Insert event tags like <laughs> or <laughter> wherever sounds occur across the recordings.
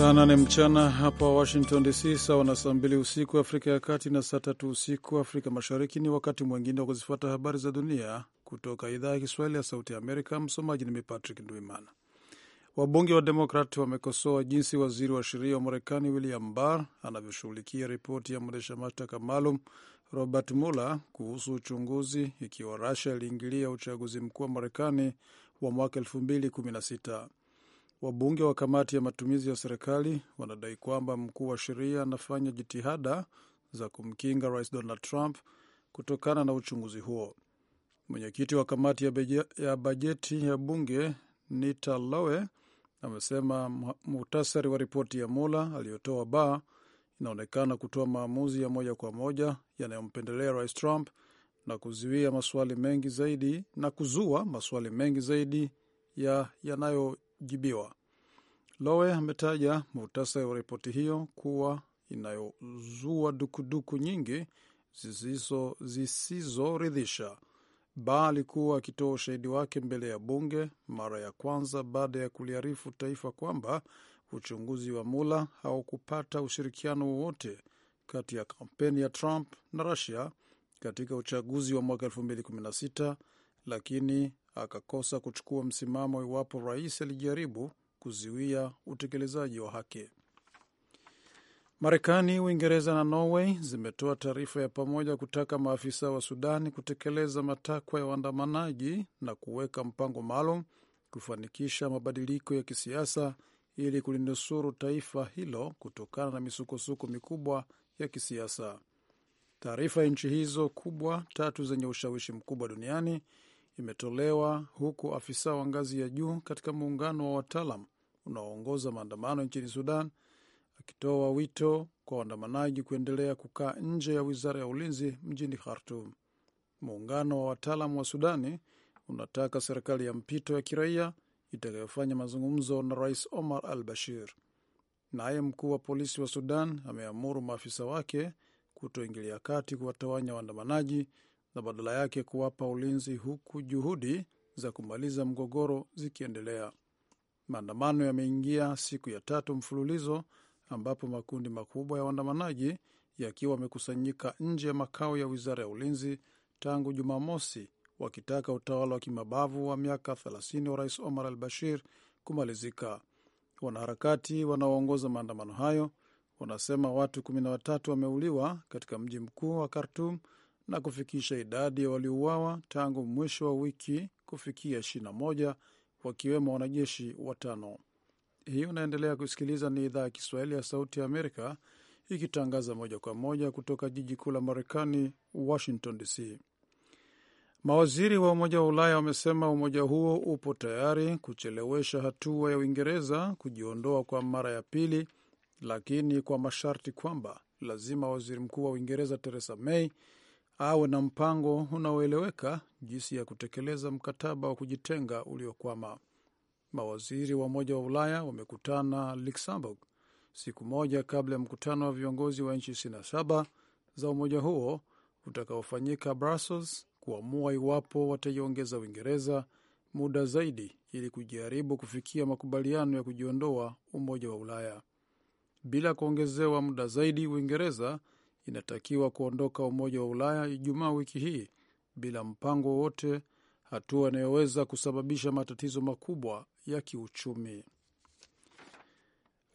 Saa nane mchana hapa Washington DC, sawa na saa mbili usiku Afrika ya Kati na saa tatu usiku Afrika Mashariki. Ni wakati mwingine wa kuzifuata habari za dunia kutoka idhaa ya Kiswahili ya Sauti ya Amerika. Msomaji ni mimi Patrick Ndwimana. Wabunge wa Demokrati wamekosoa jinsi waziri wa sheria wa Marekani William Barr anavyoshughulikia ripoti ya mwendesha mashtaka maalum Robert Mueller kuhusu uchunguzi ikiwa rusia iliingilia uchaguzi mkuu wa Marekani wa mwaka 2016. Wabunge wa kamati ya matumizi ya serikali wanadai kwamba mkuu wa sheria anafanya jitihada za kumkinga rais Donald Trump kutokana na uchunguzi huo. Mwenyekiti wa kamati ya bajeti ya bunge Nita Lowe amesema muhtasari wa ripoti ya Mula aliyotoa ba inaonekana kutoa maamuzi ya moja kwa moja yanayompendelea rais Trump na kuzuia maswali mengi zaidi na kuzua maswali mengi zaidi ya yanayo kujibiwa. Lowe ametaja muhtasari wa ripoti hiyo kuwa inayozua dukuduku nyingi zisizoridhisha, ba alikuwa akitoa ushahidi wake mbele ya bunge mara ya kwanza baada ya kuliarifu taifa kwamba uchunguzi wa mula haukupata ushirikiano wowote kati ya kampeni ya Trump na rasia katika uchaguzi wa mwaka 2016 lakini akakosa kuchukua msimamo iwapo rais alijaribu kuzuia utekelezaji wa haki. Marekani, Uingereza na Norway zimetoa taarifa ya pamoja kutaka maafisa wa Sudani kutekeleza matakwa ya waandamanaji na kuweka mpango maalum kufanikisha mabadiliko ya kisiasa ili kulinusuru taifa hilo kutokana na misukosuko mikubwa ya kisiasa. Taarifa ya nchi hizo kubwa tatu zenye ushawishi mkubwa duniani imetolewa huku afisa wa ngazi ya juu katika muungano wa wataalam unaoongoza maandamano nchini Sudan akitoa wito kwa waandamanaji kuendelea kukaa nje ya wizara ya ulinzi mjini Khartum. Muungano wa wataalam wa Sudani unataka serikali ya mpito ya kiraia itakayofanya mazungumzo na Rais Omar al Bashir. Naye mkuu wa polisi wa Sudan ameamuru maafisa wake kutoingilia kati kuwatawanya waandamanaji na badala yake kuwapa ulinzi, huku juhudi za kumaliza mgogoro zikiendelea. Maandamano yameingia siku ya tatu mfululizo ambapo makundi makubwa ya waandamanaji yakiwa wamekusanyika nje ya makao ya wizara ya ulinzi tangu Jumamosi, wakitaka utawala wa kimabavu wa miaka 30 wa Rais Omar al Bashir kumalizika. Wanaharakati wanaoongoza maandamano hayo wanasema watu 13 wameuliwa katika mji mkuu wa Khartum na kufikisha idadi ya waliouawa tangu mwisho wa wiki kufikia 21 wakiwemo wanajeshi watano. Hii unaendelea kusikiliza, ni idhaa ya Kiswahili ya Sauti ya Amerika ikitangaza moja kwa moja kutoka jiji kuu la Marekani, Washington DC. Mawaziri wa Umoja wa Ulaya wamesema umoja huo upo tayari kuchelewesha hatua ya Uingereza kujiondoa kwa mara ya pili, lakini kwa masharti kwamba lazima waziri mkuu wa Uingereza Theresa May awe na mpango unaoeleweka jinsi ya kutekeleza mkataba wa kujitenga uliokwama. Mawaziri wa Umoja wa Ulaya wamekutana Luxembourg siku moja kabla ya mkutano wa viongozi wa nchi 27 za umoja huo utakaofanyika Brussels kuamua iwapo wataiongeza Uingereza muda zaidi ili kujaribu kufikia makubaliano ya kujiondoa Umoja wa Ulaya. Bila kuongezewa muda zaidi, Uingereza inatakiwa kuondoka Umoja wa Ulaya Ijumaa wiki hii bila mpango wowote, hatua inayoweza kusababisha matatizo makubwa ya kiuchumi.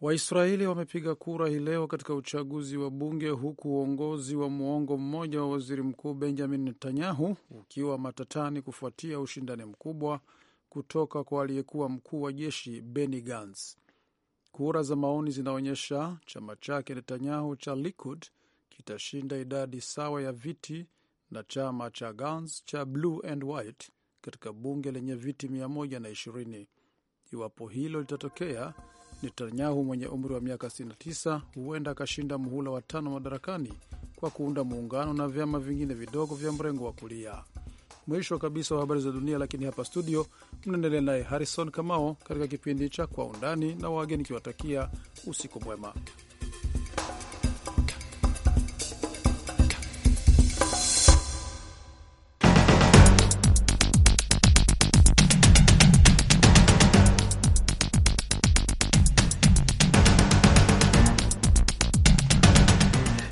Waisraeli wamepiga kura hii leo katika uchaguzi wa bunge huku uongozi wa muongo mmoja wa waziri mkuu Benjamin Netanyahu ukiwa matatani kufuatia ushindani mkubwa kutoka kwa aliyekuwa mkuu wa jeshi Benny Gantz. Kura za maoni zinaonyesha chama chake Netanyahu cha Likud kitashinda idadi sawa ya viti na chama cha Gans cha Blue and White katika bunge lenye viti 120. Iwapo hilo litatokea, Netanyahu mwenye umri wa miaka 69 huenda akashinda muhula wa tano madarakani kwa kuunda muungano na vyama vingine vidogo vya mrengo wa kulia. Mwisho kabisa wa habari za dunia, lakini hapa studio mnaendelea naye Harrison Kamao katika kipindi cha Kwa Undani na wageni kiwatakia usiku mwema.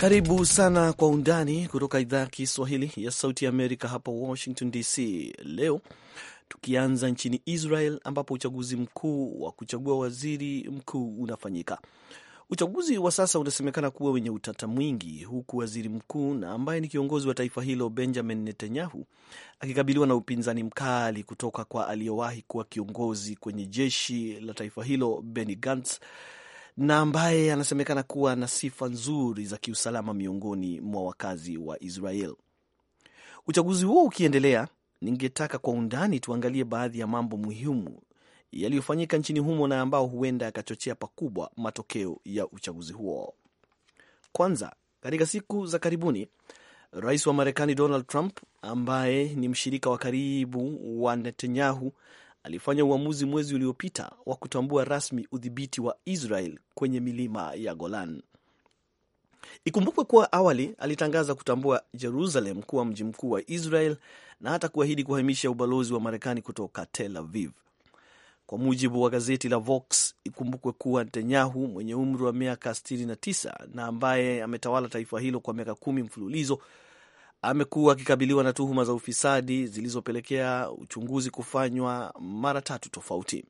Karibu sana kwa undani kutoka idhaa ya Kiswahili ya Sauti ya Amerika hapa Washington DC. Leo tukianza nchini Israel ambapo uchaguzi mkuu wa kuchagua waziri mkuu unafanyika. Uchaguzi wa sasa unasemekana kuwa wenye utata mwingi, huku waziri mkuu na ambaye ni kiongozi wa taifa hilo Benjamin Netanyahu akikabiliwa na upinzani mkali kutoka kwa aliyowahi kuwa kiongozi kwenye jeshi la taifa hilo Benny Gantz na ambaye anasemekana kuwa na sifa nzuri za kiusalama miongoni mwa wakazi wa Israel. Uchaguzi huo ukiendelea, ningetaka kwa undani tuangalie baadhi ya mambo muhimu yaliyofanyika nchini humo na ambao huenda yakachochea pakubwa matokeo ya uchaguzi huo. Kwanza, katika siku za karibuni Rais wa Marekani Donald Trump ambaye ni mshirika wa karibu wa Netanyahu alifanya uamuzi mwezi uliopita wa kutambua rasmi udhibiti wa Israel kwenye milima ya Golan. Ikumbukwe kuwa awali alitangaza kutambua Jerusalem kuwa mji mkuu wa Israel na hata kuahidi kuhamisha ubalozi wa Marekani kutoka Tel Aviv. Kwa mujibu wa gazeti la Vox, ikumbukwe kuwa Netanyahu mwenye umri wa miaka 69 na ambaye ametawala taifa hilo kwa miaka kumi mfululizo amekuwa akikabiliwa na tuhuma za ufisadi zilizopelekea uchunguzi kufanywa mara tatu tofauti.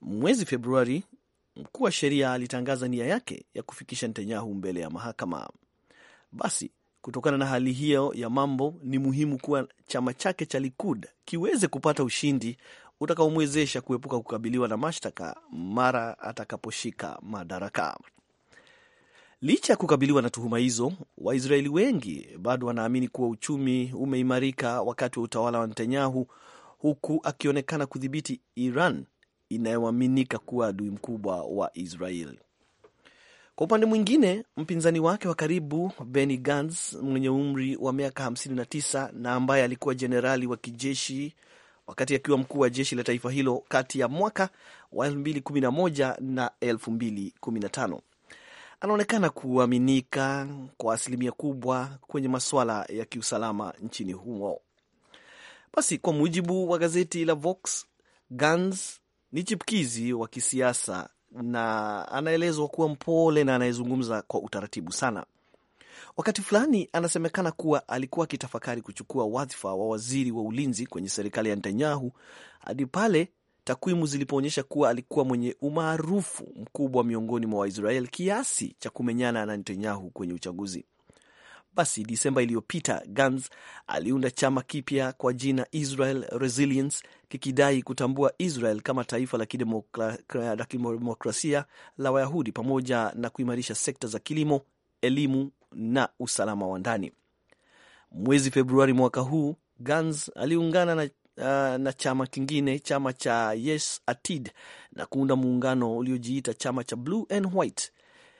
Mwezi Februari, mkuu wa sheria alitangaza nia yake ya kufikisha Netanyahu mbele ya mahakama. Basi, kutokana na hali hiyo ya mambo, ni muhimu kuwa chama chake cha Likud kiweze kupata ushindi utakaomwezesha kuepuka kukabiliwa na mashtaka mara atakaposhika madaraka. Licha ya kukabiliwa na tuhuma hizo, Waisraeli wengi bado wanaamini kuwa uchumi umeimarika wakati wa utawala wa Netanyahu, huku akionekana kudhibiti Iran inayoaminika kuwa adui mkubwa wa Israel. Kwa upande mwingine, mpinzani wake wa karibu Benny Gantz mwenye umri wa miaka 59 na ambaye alikuwa jenerali wa kijeshi wakati akiwa mkuu wa jeshi la taifa hilo kati ya mwaka wa 2011 na 2015 anaonekana kuaminika kwa asilimia kubwa kwenye masuala ya kiusalama nchini humo. Basi, kwa mujibu wa gazeti la Vox, Gans ni chipkizi wa kisiasa na anaelezwa kuwa mpole na anayezungumza kwa utaratibu sana. Wakati fulani anasemekana kuwa alikuwa akitafakari kuchukua wadhifa wa waziri wa ulinzi kwenye serikali ya Netanyahu hadi pale takwimu zilipoonyesha kuwa alikuwa mwenye umaarufu mkubwa miongoni mwa waisrael kiasi cha kumenyana na Netanyahu kwenye uchaguzi. Basi Disemba iliyopita gans aliunda chama kipya kwa jina Israel Resilience, kikidai kutambua Israel kama taifa la kidemokrasia la Wayahudi pamoja na kuimarisha sekta za kilimo, elimu na usalama wa ndani. Mwezi Februari mwaka huu Gans aliungana na uh, na chama kingine chama cha Yes Atid na kuunda muungano uliojiita chama cha Blue and White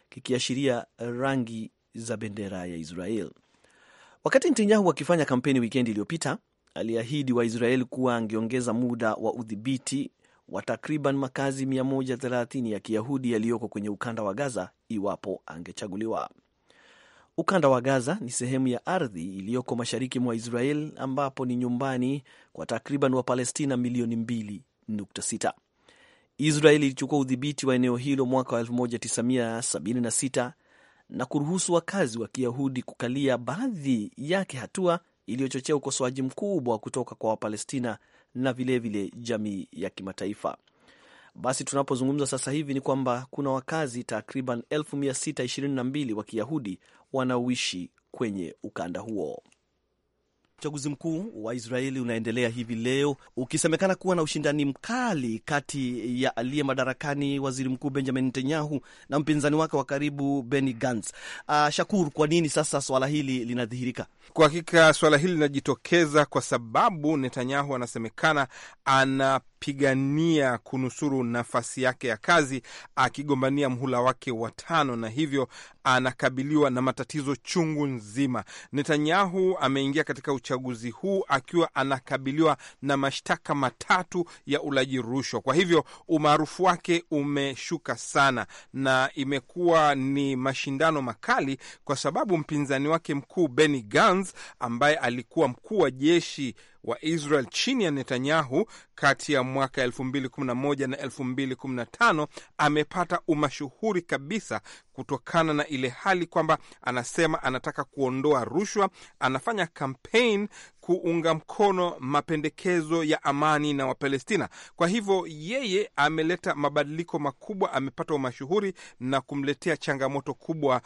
kikiashiria rangi za bendera ya Israel. Wakati Netanyahu akifanya kampeni wikendi iliyopita, aliahidi Waisraeli kuwa angeongeza muda wa udhibiti wa takriban makazi 130 ya Kiyahudi yaliyoko kwenye ukanda wa Gaza iwapo angechaguliwa. Ukanda wa Gaza ni sehemu ya ardhi iliyoko mashariki mwa Israel ambapo ni nyumbani kwa takriban Wapalestina milioni 2.6. Israel ilichukua udhibiti wa eneo hilo mwaka wa 1976 na kuruhusu wakazi wa Kiyahudi kukalia baadhi yake, hatua iliyochochea ukosoaji mkubwa kutoka kwa Wapalestina na vilevile vile jamii ya kimataifa. Basi tunapozungumza sasa hivi ni kwamba kuna wakazi takriban 622 wa Kiyahudi wanaoishi kwenye ukanda huo. Uchaguzi mkuu wa Israeli unaendelea hivi leo ukisemekana kuwa na ushindani mkali kati ya aliye madarakani waziri mkuu Benjamin Netanyahu na mpinzani wake wa karibu Benny Gantz. Uh, Shakur, kwa nini sasa swala hili linadhihirika? Kwa hakika swala hili linajitokeza kwa sababu Netanyahu anasemekana ana anapigania kunusuru nafasi yake ya kazi akigombania mhula wake wa tano, na hivyo anakabiliwa na matatizo chungu nzima. Netanyahu ameingia katika uchaguzi huu akiwa anakabiliwa na mashtaka matatu ya ulaji rushwa. Kwa hivyo umaarufu wake umeshuka sana, na imekuwa ni mashindano makali, kwa sababu mpinzani wake mkuu Benny Gantz ambaye alikuwa mkuu wa jeshi wa Israel chini ya Netanyahu kati ya mwaka 2011 na 2015 amepata umashuhuri kabisa kutokana na ile hali kwamba anasema anataka kuondoa rushwa, anafanya kampeni kuunga mkono mapendekezo ya amani na Wapalestina. Kwa hivyo yeye ameleta mabadiliko makubwa, amepata umashuhuri na kumletea changamoto kubwa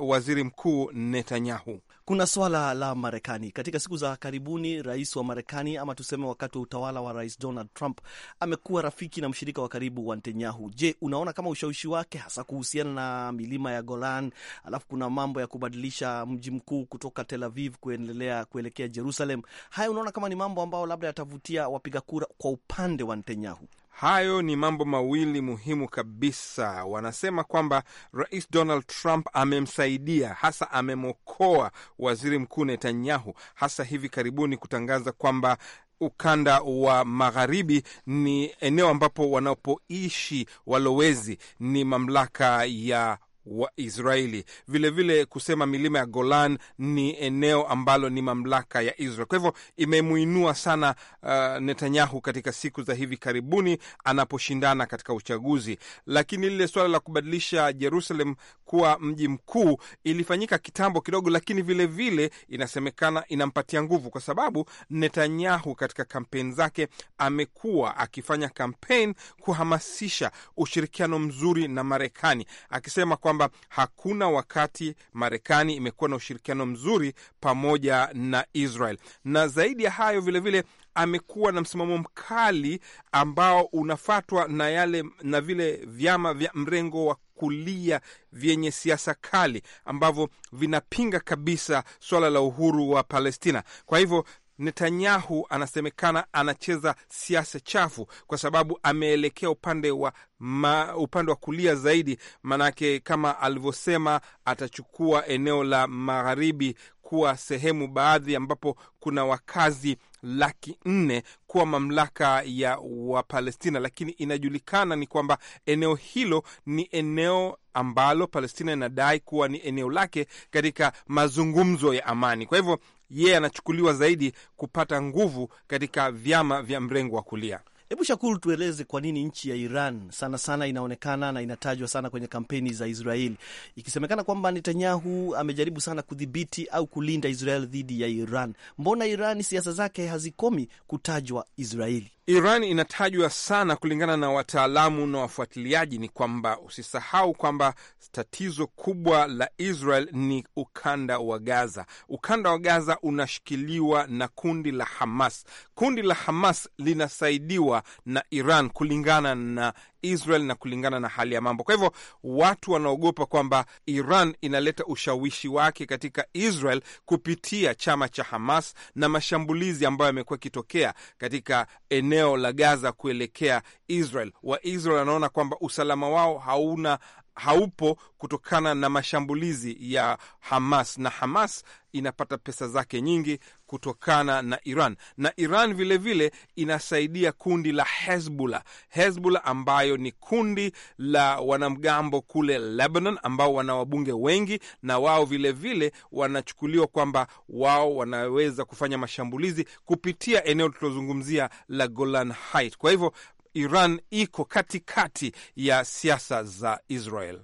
waziri mkuu Netanyahu. Kuna swala la Marekani katika siku za karibuni. Rais wa Marekani ama tuseme wakati wa utawala wa Rais Donald Trump amekuwa rafiki na mshirika wa karibu wa Netanyahu. Je, unaona kama ushawishi wake hasa kuhusiana na milima ya Golan, alafu kuna mambo ya kubadilisha mji mkuu kutoka Tel Aviv kuendelea kuelekea Jerusalem. Haya, unaona kama ni mambo ambayo labda yatavutia wapiga kura kwa upande wa Netanyahu? Hayo ni mambo mawili muhimu kabisa. Wanasema kwamba Rais Donald Trump amemsaidia, hasa amemwokoa waziri mkuu Netanyahu, hasa hivi karibuni kutangaza kwamba ukanda wa magharibi ni eneo ambapo wanapoishi walowezi, ni mamlaka ya wa Israeli, vilevile vile kusema milima ya Golan ni eneo ambalo ni mamlaka ya Israel. Kwa hivyo imemuinua sana uh, Netanyahu katika siku za hivi karibuni anaposhindana katika uchaguzi. Lakini lile suala la kubadilisha Jerusalem kuwa mji mkuu ilifanyika kitambo kidogo, lakini vilevile vile inasemekana inampatia nguvu, kwa sababu Netanyahu katika kampeni zake amekuwa akifanya kampeni kuhamasisha ushirikiano mzuri na Marekani akisema kwa kwamba hakuna wakati Marekani imekuwa na ushirikiano mzuri pamoja na Israel, na zaidi ya hayo vilevile vile, amekuwa na msimamo mkali ambao unafatwa na yale na vile vyama vya mrengo wa kulia vyenye siasa kali ambavyo vinapinga kabisa swala la uhuru wa Palestina. Kwa hivyo Netanyahu anasemekana anacheza siasa chafu kwa sababu ameelekea upande wa ma, upande wa kulia zaidi, manake kama alivyosema atachukua eneo la magharibi kuwa sehemu baadhi ambapo kuna wakazi laki nne kuwa mamlaka ya Wapalestina, lakini inajulikana ni kwamba eneo hilo ni eneo ambalo Palestina inadai kuwa ni eneo lake katika mazungumzo ya amani. Kwa hivyo yeye anachukuliwa zaidi kupata nguvu katika vyama vya mrengo wa kulia. Hebu Shakuru, tueleze kwa nini nchi ya Iran sana sana inaonekana na inatajwa sana kwenye kampeni za Israeli, ikisemekana kwamba Netanyahu amejaribu sana kudhibiti au kulinda Israel dhidi ya Iran. Mbona Iran siasa zake hazikomi kutajwa Israeli? Iran inatajwa sana kulingana na wataalamu na wafuatiliaji, ni kwamba usisahau kwamba tatizo kubwa la Israel ni ukanda wa Gaza. Ukanda wa Gaza unashikiliwa na kundi la Hamas. Kundi la Hamas linasaidiwa na Iran kulingana na Israel na kulingana na hali ya mambo. Kwa hivyo watu wanaogopa kwamba Iran inaleta ushawishi wake katika Israel kupitia chama cha Hamas na mashambulizi ambayo yamekuwa yakitokea katika eneo la Gaza kuelekea Israel. Waisrael wanaona kwamba usalama wao hauna haupo kutokana na mashambulizi ya Hamas, na Hamas inapata pesa zake nyingi kutokana na Iran, na Iran vilevile vile inasaidia kundi la Hezbollah, Hezbollah ambayo ni kundi la wanamgambo kule Lebanon ambao wana wabunge wengi, na wao vilevile wanachukuliwa kwamba wao wanaweza kufanya mashambulizi kupitia eneo tulilozungumzia la Golan Heights. Kwa hivyo Iran iko katikati ya siasa za Israel.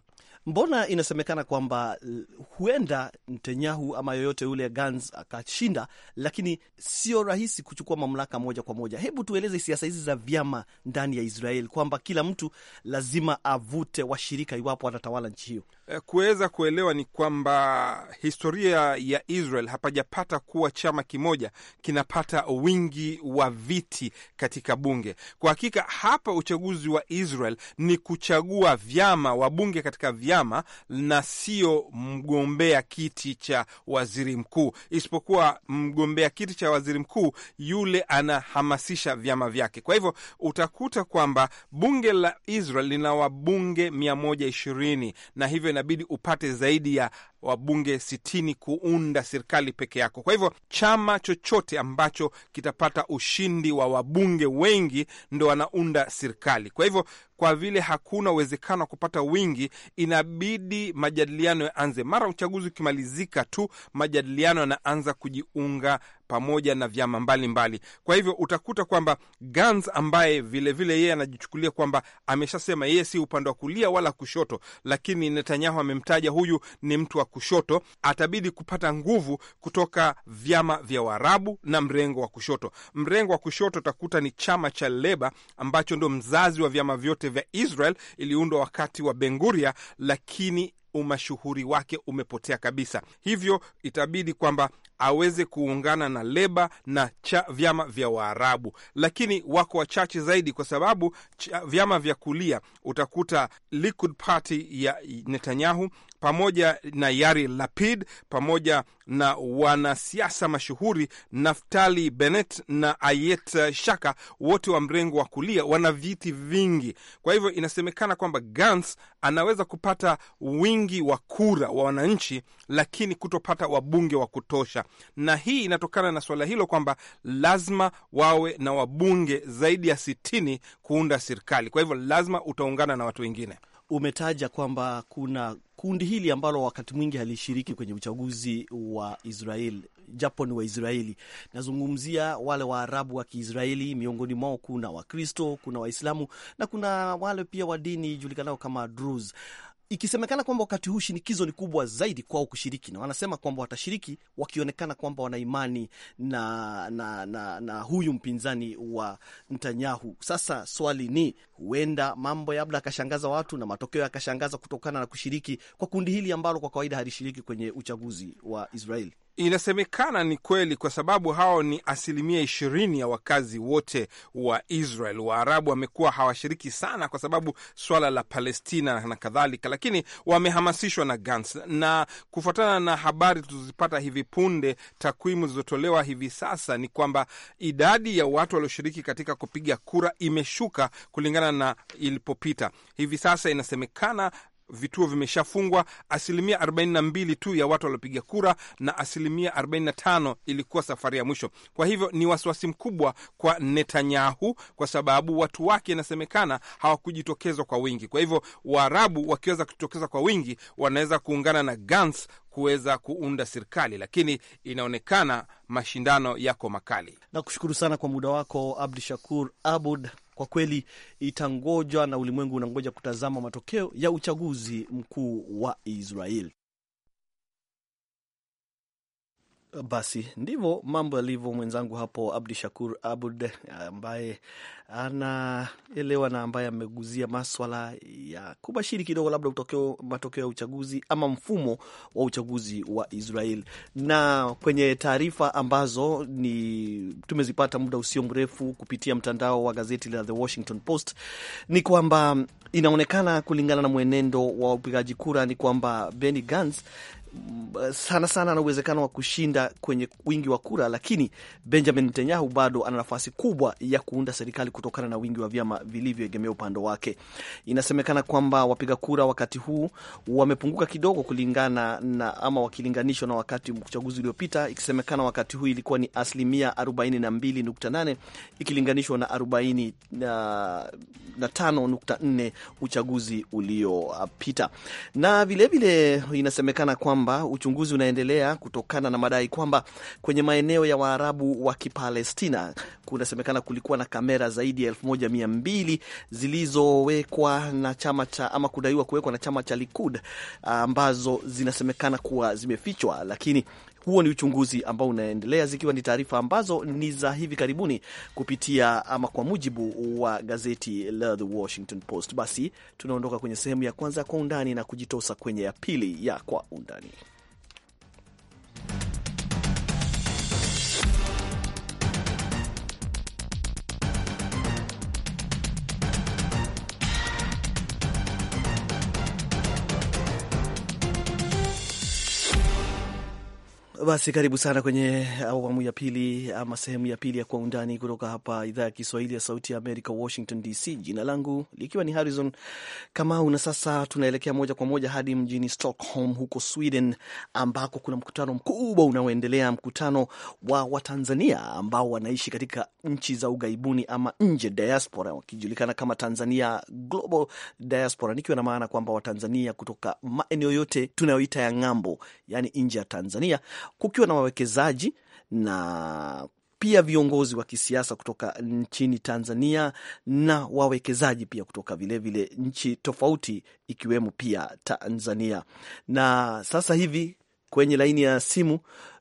Mbona inasemekana kwamba huenda Netanyahu ama yoyote yule Gans akashinda, lakini sio rahisi kuchukua mamlaka moja kwa moja. Hebu tueleze siasa hizi za vyama ndani ya Israel, kwamba kila mtu lazima avute washirika iwapo atatawala nchi hiyo. Eh, kuweza kuelewa ni kwamba historia ya Israel hapajapata kuwa chama kimoja kinapata wingi wa viti katika bunge. Kwa hakika hapa uchaguzi wa Israel ni kuchagua vyama wabunge katika vyama na sio mgombea kiti cha waziri mkuu, isipokuwa mgombea kiti cha waziri mkuu yule anahamasisha vyama vyake. Kwa hivyo utakuta kwamba bunge la Israel lina wabunge ishirini na hivyo inabidi upate zaidi ya wabunge sitini kuunda serikali peke yako. Kwa hivyo chama chochote ambacho kitapata ushindi wa wabunge wengi ndo wanaunda serikali. Kwa hivyo kwa vile hakuna uwezekano wa kupata wingi, inabidi majadiliano yaanze mara uchaguzi ukimalizika tu, majadiliano yanaanza kujiunga pamoja na vyama mbalimbali mbali. Kwa hivyo utakuta kwamba Gans ambaye vilevile yeye anajichukulia kwamba ameshasema yeye si upande wa kulia wala kushoto, lakini Netanyahu amemtaja huyu ni mtu wa kushoto, atabidi kupata nguvu kutoka vyama vya Waarabu na mrengo wa kushoto. Mrengo wa kushoto utakuta ni chama cha Leba ambacho ndo mzazi wa vyama vyote vyote vya Israel iliundwa wakati wa Benguria, lakini umashuhuri wake umepotea kabisa. Hivyo itabidi kwamba aweze kuungana na Leba na cha vyama vya Waarabu, lakini wako wachache zaidi, kwa sababu vyama vya kulia utakuta Likud Party ya Netanyahu pamoja na yari Lapid pamoja na wanasiasa mashuhuri Naftali Bennett na Ayet Shaka, wote wa mrengo wa kulia, wana viti vingi. Kwa hivyo inasemekana kwamba Gantz anaweza kupata wingi wa kura wa wananchi, lakini kutopata wabunge wa kutosha, na hii inatokana na suala hilo kwamba lazima wawe na wabunge zaidi ya sitini kuunda serikali. Kwa hivyo lazima utaungana na watu wengine umetaja kwamba kuna kundi hili ambalo wakati mwingi halishiriki kwenye uchaguzi wa Israel japo ni Waisraeli. Nazungumzia wale Waarabu wa Kiisraeli, miongoni mwao kuna Wakristo, kuna Waislamu na kuna wale pia wa dini julikanao kama Druze ikisemekana kwamba wakati huu shinikizo ni kubwa zaidi kwao kushiriki, na wanasema kwamba watashiriki wakionekana kwamba wana imani na, na, na, na huyu mpinzani wa Netanyahu. Sasa swali ni huenda mambo labda akashangaza watu na matokeo yakashangaza kutokana na kushiriki kwa kundi hili ambalo kwa kawaida halishiriki kwenye uchaguzi wa Israeli. Inasemekana ni kweli kwa sababu hao ni asilimia ishirini ya wakazi wote wa Israel. Waarabu wamekuwa hawashiriki sana kwa sababu swala la Palestina na kadhalika, lakini wamehamasishwa na gans na kufuatana na habari tulizozipata hivi punde, takwimu zilizotolewa hivi sasa ni kwamba idadi ya watu walioshiriki katika kupiga kura imeshuka kulingana na ilipopita. Hivi sasa inasemekana vituo vimeshafungwa. Asilimia 42 tu ya watu waliopiga kura na asilimia 45 ilikuwa safari ya mwisho. Kwa hivyo ni wasiwasi mkubwa kwa Netanyahu kwa sababu watu wake inasemekana hawakujitokezwa kwa wingi. Kwa hivyo Waarabu wakiweza kujitokeza kwa wingi wanaweza kuungana na Gantz kuweza kuunda serikali, lakini inaonekana mashindano yako makali. Nakushukuru sana kwa muda wako Abdu Shakur Abud. Kwa kweli itangojwa na ulimwengu unangoja kutazama matokeo ya uchaguzi mkuu wa Israel. Basi ndivyo mambo yalivyo, mwenzangu hapo Abdi Shakur Abud ambaye anaelewa na ambaye ameguzia maswala ya kubashiri kidogo, labda utokeo matokeo ya uchaguzi ama mfumo wa uchaguzi wa Israel. Na kwenye taarifa ambazo ni tumezipata muda usio mrefu kupitia mtandao wa gazeti la The Washington Post ni kwamba inaonekana kulingana na mwenendo wa upigaji kura ni kwamba Benny Gantz sana sana ana uwezekano wa kushinda kwenye wingi wa kura, lakini Benjamin Netanyahu bado ana nafasi kubwa ya kuunda serikali kutokana na wingi wa vyama vilivyoegemea upande wake. Inasemekana kwamba wapiga kura wakati huu wamepunguka kidogo kulingana na ama wakilinganishwa na wakati uchaguzi uliopita, ikisemekana wakati huu ilikuwa ni asilimia 42.8 ikilinganishwa na 45.4 uchaguzi uliopita, na vilevile inasemekana kwamba kwamba uchunguzi unaendelea kutokana na madai kwamba kwenye maeneo ya Waarabu wa Kipalestina kunasemekana kulikuwa na kamera zaidi ya elfu moja mia mbili zilizowekwa na chama cha ama kudaiwa kuwekwa na chama cha Likud ambazo zinasemekana kuwa zimefichwa, lakini huo ni uchunguzi ambao unaendelea, zikiwa ni taarifa ambazo ni za hivi karibuni kupitia ama kwa mujibu wa gazeti la The Washington Post. Basi tunaondoka kwenye sehemu ya kwanza ya kwa undani na kujitosa kwenye ya pili ya kwa undani. Basi karibu sana kwenye awamu ya pili ama sehemu ya pili ya Kwa Undani kutoka hapa idhaa ya Kiswahili ya Sauti ya Amerika, Washington DC. Jina langu likiwa ni Harrison Kamau, na sasa tunaelekea moja kwa moja hadi mjini Stockholm huko Sweden, ambako kuna mkutano mkubwa unaoendelea, mkutano wa Watanzania ambao wanaishi katika nchi za ugaibuni ama nje, diaspora, wakijulikana kama Tanzania Global Diaspora, nikiwa na maana kwamba Watanzania kutoka maeneo yote tunayoita ya ng'ambo, yani nje ya Tanzania kukiwa na wawekezaji na pia viongozi wa kisiasa kutoka nchini Tanzania na wawekezaji pia kutoka vilevile vile nchi tofauti ikiwemo pia Tanzania. Na sasa hivi kwenye laini ya simu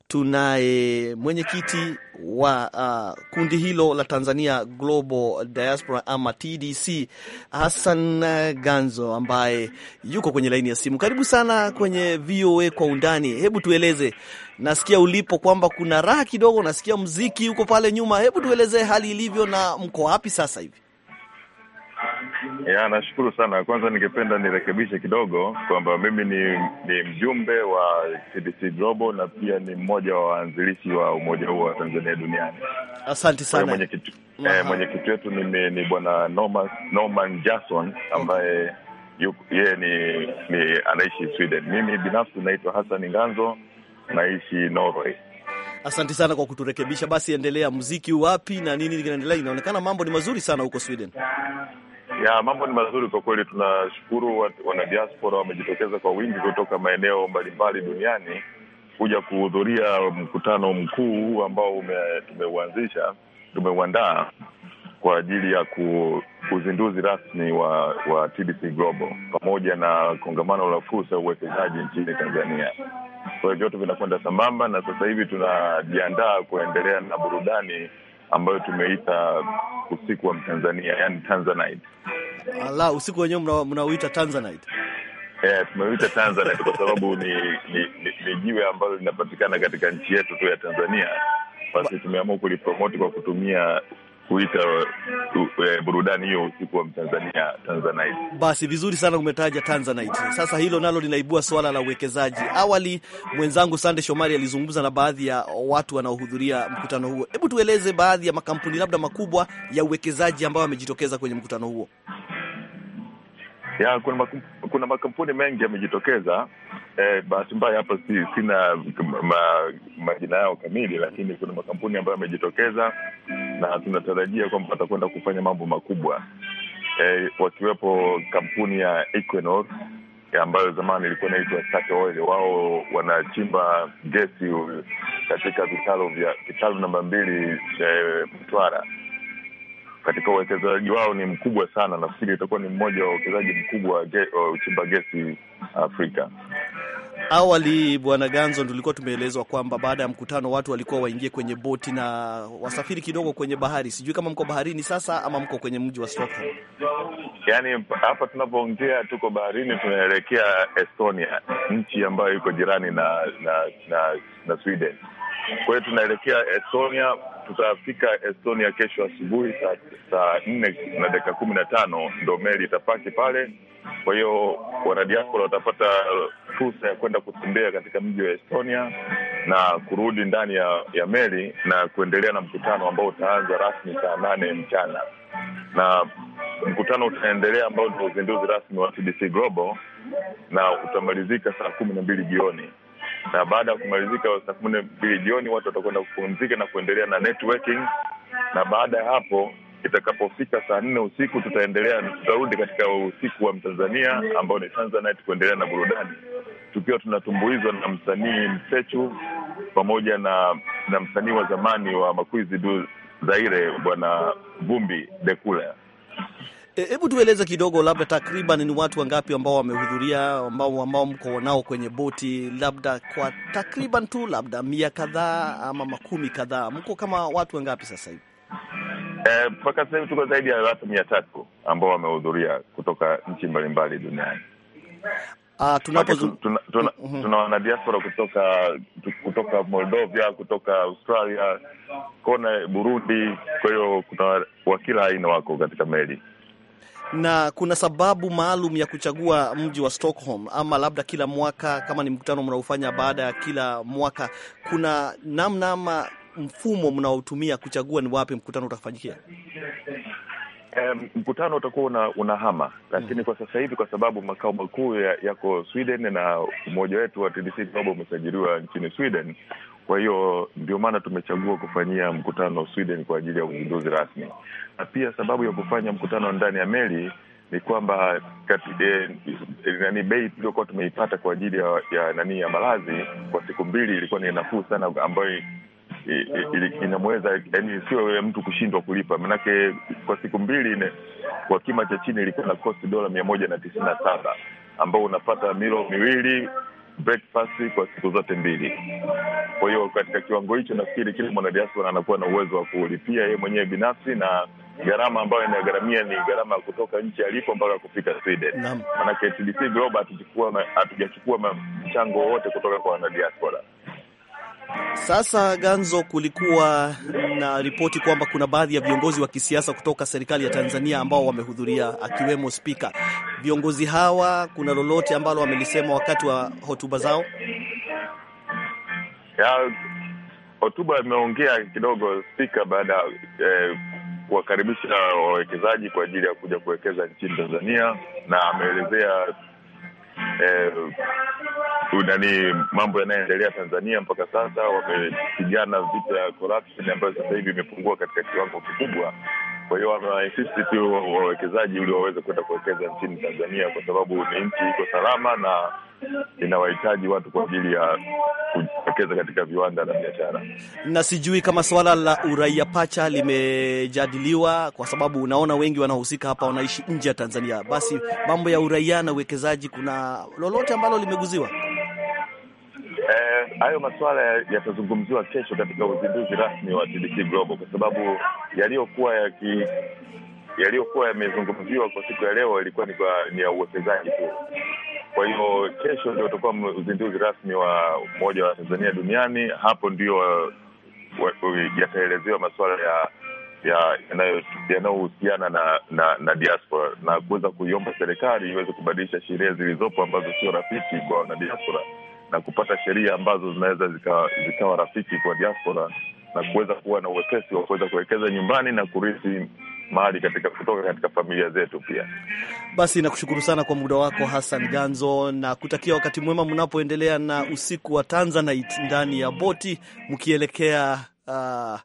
tunaye mwenyekiti wa uh, kundi hilo la Tanzania Global Diaspora ama TDC Hassan Ganzo ambaye yuko kwenye laini ya simu. Karibu sana kwenye VOA kwa undani. Hebu tueleze, nasikia ulipo kwamba kuna raha kidogo, nasikia mziki huko pale nyuma. Hebu tueleze hali ilivyo na mko wapi sasa hivi? Ya, nashukuru sana. Kwanza ningependa nirekebishe kidogo kwamba mimi ni, ni mjumbe wa CDC Global na pia ni mmoja wa waanzilishi wa umoja huo wa Tanzania duniani. Asante sana. Mwenyekiti eh, mwenyekiti wetu ni, ni bwana Norman, Norman ambaye yeye ni, ni anaishi Sweden. Mimi binafsi naitwa Hassan Nganzo, naishi Norway. Asante sana kwa kuturekebisha. Basi endelea, muziki wapi na nini kinaendelea? Inaonekana mambo ni mazuri sana huko Sweden. Ya mambo ni mazuri kwa kweli, tunashukuru wanadiaspora wamejitokeza kwa wingi kutoka maeneo mbalimbali duniani kuja kuhudhuria mkutano mkuu ambao tumeuanzisha, tumeuandaa kwa ajili ya ku, uzinduzi rasmi wa wa TBC Global pamoja na kongamano la fursa ya uwekezaji nchini Tanzania. Kwa hiyo vyote vinakwenda sambamba, na sasa hivi tunajiandaa kuendelea na burudani ambayo tumeita usiku wa Mtanzania, yani Tanzanite. Ala, usiku wenyewe mnauita Tanzanite? Yeah, tumeuita Tanzanite kwa sababu ni, ni, ni, ni jiwe ambalo linapatikana katika nchi yetu tu ya Tanzania. Basi tumeamua kulipromoti kwa kutumia kuita uh, eh, burudani hiyo usiku wa Mtanzania Tanzanite. Basi vizuri sana umetaja Tanzanite. Sasa hilo nalo linaibua swala la uwekezaji. Awali mwenzangu Sande Shomari alizungumza na baadhi ya watu wanaohudhuria mkutano huo. Hebu tueleze baadhi ya makampuni labda makubwa ya uwekezaji ambayo yamejitokeza kwenye mkutano huo ya kuna makum, kuna makampuni mengi yamejitokeza. Eh, bahati mbaya hapa si, sina ma, majina yao kamili, lakini kuna makampuni ambayo yamejitokeza na tunatarajia kwamba watakwenda kufanya mambo makubwa eh, wakiwepo kampuni ya Equinor ambayo zamani ilikuwa inaitwa Tata Oil. Wao wanachimba gesi katika vitalu vya kitalu namba mbili eh, Mtwara katika uwekezaji wao ni mkubwa sana. Nafikiri itakuwa ni mmoja wa uwekezaji mkubwa wa uchimba gesi Afrika. Awali Bwana ganzo tulikuwa tumeelezwa kwamba baada ya mkutano watu walikuwa waingie kwenye boti na wasafiri kidogo kwenye bahari. Sijui kama mko baharini sasa ama mko kwenye mji wa Stockholm. Yaani hapa tunapoongea tuko baharini, tunaelekea Estonia, nchi ambayo iko jirani na na, na na Sweden. Kwa hiyo tunaelekea Estonia, tutafika Estonia kesho asubuhi saa nne na dakika kumi na tano ndo meli itapaki pale. Kwa hiyo wanadiaspora watapata fursa ya kwenda kutembea katika mji wa Estonia na kurudi ndani ya, ya meli na kuendelea na mkutano ambao utaanza rasmi saa nane mchana na mkutano utaendelea ambao ndio uzinduzi rasmi wa TBC Global na utamalizika saa kumi na mbili jioni na baada ya kumalizika saa kumi na mbili jioni watu watakwenda kupumzika na kuendelea na networking, na baada ya hapo itakapofika saa nne usiku tutaendelea, tutarudi katika usiku wa Mtanzania ambao ni Tanzanite kuendelea na burudani tukiwa tunatumbuizwa na msanii Msechu pamoja na na msanii wa zamani wa Makuizi du Zaire, bwana Vumbi Dekula. Eh, hebu tueleze kidogo, labda takriban ni watu wangapi ambao wamehudhuria, ambao ambao mko nao kwenye boti, labda kwa takriban tu labda mia kadhaa ama makumi kadhaa, mko kama watu wangapi sasa hivi? Eh, mpaka eh, sasa hivi tuko zaidi ya watu mia tatu ambao wamehudhuria kutoka nchi mbalimbali duniani. Ah, tunapozu... tuna, tuna, tuna, mm, mm. tuna wanadiaspora kutoka kutoka Moldovia, kutoka Australia, kona Burundi. Kwa hiyo kuna wakila aina wako katika meli na kuna sababu maalum ya kuchagua mji wa Stockholm ama labda kila mwaka, kama ni mkutano mnaofanya baada ya kila mwaka, kuna namna ama mfumo mnaotumia kuchagua ni wapi mkutano utafanyikia? Um, mkutano utakuwa una, unahama lakini mm, kwa sasa hivi kwa sababu makao makuu yako ya Sweden na umoja wetu wa TDC Global umesajiliwa nchini Sweden, kwa hiyo ndio maana tumechagua kufanyia mkutano Sweden kwa ajili ya uzinduzi rasmi, na pia sababu ya kufanya mkutano ndani ya meli ni kwamba eh, nani bei tuliokuwa tumeipata kwa ajili ya, ya nani ya malazi kwa siku mbili ilikuwa ni nafuu sana, ambayo inamweza yani, sio yule mtu kushindwa kulipa. Manake kwa siku mbili ne, kwa kima cha chini ilikuwa na kosti dola mia moja na tisini na saba ambao unapata milo miwili breakfast kwa siku zote mbili. Kwa hiyo katika kiwango hicho, nafikiri kila mwanadiaspora anakuwa na uwezo wa kulipia yeye mwenyewe binafsi, na gharama ambayo inagharamia ni gharama ya kutoka nchi alipo mpaka kufika Sweden. Maanake TDC Global hatujachukua mchango wote kutoka kwa wanadiaspora. Sasa Ganzo, kulikuwa na ripoti kwamba kuna baadhi ya viongozi wa kisiasa kutoka serikali ya Tanzania ambao wamehudhuria akiwemo spika. Viongozi hawa kuna lolote ambalo wamelisema wakati wa hotuba zao? Hotuba imeongea kidogo spika baada ya eh, kuwakaribisha wawekezaji kwa ajili ya kuja kuwekeza nchini Tanzania na ameelezea eh, nani mambo yanayoendelea Tanzania mpaka sasa. Wamepigana vita ya corruption ambayo sasa hivi imepungua katika kiwango kikubwa. Kwa hiyo wanainsist tu wawekezaji ili waweze kwenda kuwekeza nchini Tanzania, kwa sababu ni nchi iko salama na inawahitaji watu kwa ajili ya kuwekeza katika viwanda na biashara. Na sijui kama swala la uraia pacha limejadiliwa, kwa sababu unaona wengi wanahusika hapa wanaishi nje ya Tanzania. Basi mambo ya uraia na uwekezaji, kuna lolote ambalo limeguziwa? Eh, hayo masuala yatazungumziwa kesho katika uzinduzi rasmi wa TDC Global, kwa sababu yaliyokuwa yaki yaliyokuwa yamezungumziwa kwa siku ya leo ilikuwa ni ya uwekezaji tu. Kwa hiyo kesho ndio utakuwa uzinduzi rasmi wa Umoja wa Tanzania duniani. Hapo ndio uh, yataelezewa masuala ya yanayohusiana ya na, na na diaspora na kuweza kuiomba serikali iweze kubadilisha sheria zilizopo ambazo sio rafiki kwa diaspora na kupata sheria ambazo zinaweza zikawa zika rafiki kwa diaspora na kuweza kuwa na uwepesi wa kuweza kuwekeza nyumbani na kurithi mali katika kutoka katika familia zetu pia. Basi nakushukuru sana kwa muda wako Hassan Ganzo, na kutakia wakati mwema mnapoendelea na usiku wa Tanzanite ndani ya boti mkielekea uh,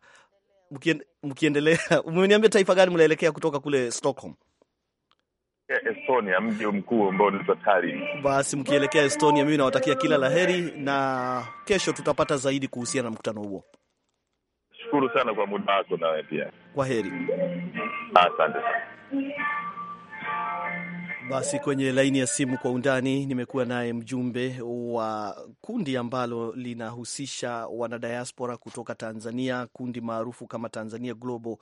mkien, mkiendelea. <laughs> Umeniambia taifa gani mnaelekea kutoka kule Stockholm? Eh, Estonia, mji mkuu ambao unaitwa Tallinn. Basi mkielekea Estonia, mimi nawatakia kila laheri, na kesho tutapata zaidi kuhusiana na mkutano huo nashukuru sana kwa muda wako, nawe pia kwa heri, asante sana. Basi kwenye laini ya simu kwa undani nimekuwa naye mjumbe wa kundi ambalo linahusisha wanadiaspora kutoka Tanzania, kundi maarufu kama Tanzania Global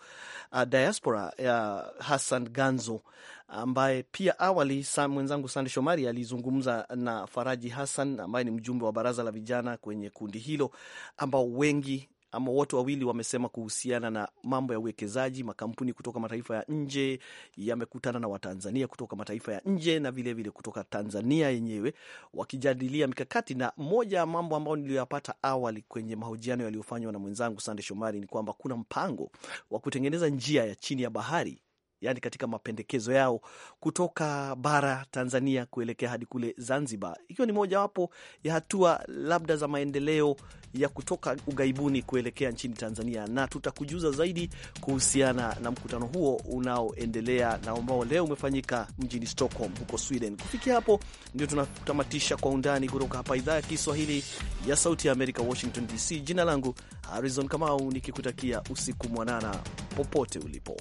uh, Diaspora uh, Hassan Ganzo ambaye pia awali mwenzangu Sande Shomari alizungumza na Faraji Hassan ambaye ni mjumbe wa baraza la vijana kwenye kundi hilo, ambao wengi ama wote wawili wamesema kuhusiana na mambo ya uwekezaji. Makampuni kutoka mataifa ya nje yamekutana na Watanzania kutoka mataifa ya nje na vilevile vile kutoka Tanzania yenyewe wakijadilia mikakati, na moja ya mambo ambayo niliyoyapata awali kwenye mahojiano yaliyofanywa na mwenzangu Sande Shomari ni kwamba kuna mpango wa kutengeneza njia ya chini ya bahari yani katika mapendekezo yao kutoka bara Tanzania kuelekea hadi kule Zanzibar, ikiwa ni mojawapo ya hatua labda za maendeleo ya kutoka ughaibuni kuelekea nchini Tanzania, na tutakujuza zaidi kuhusiana na mkutano huo unaoendelea na ambao leo umefanyika mjini Stockholm huko Sweden. Kufikia hapo, ndio tunatamatisha Kwa Undani kutoka hapa idhaa ya Kiswahili ya Sauti ya Amerika, Washington DC. Jina langu Harizon Kamau, nikikutakia usiku mwanana popote ulipo.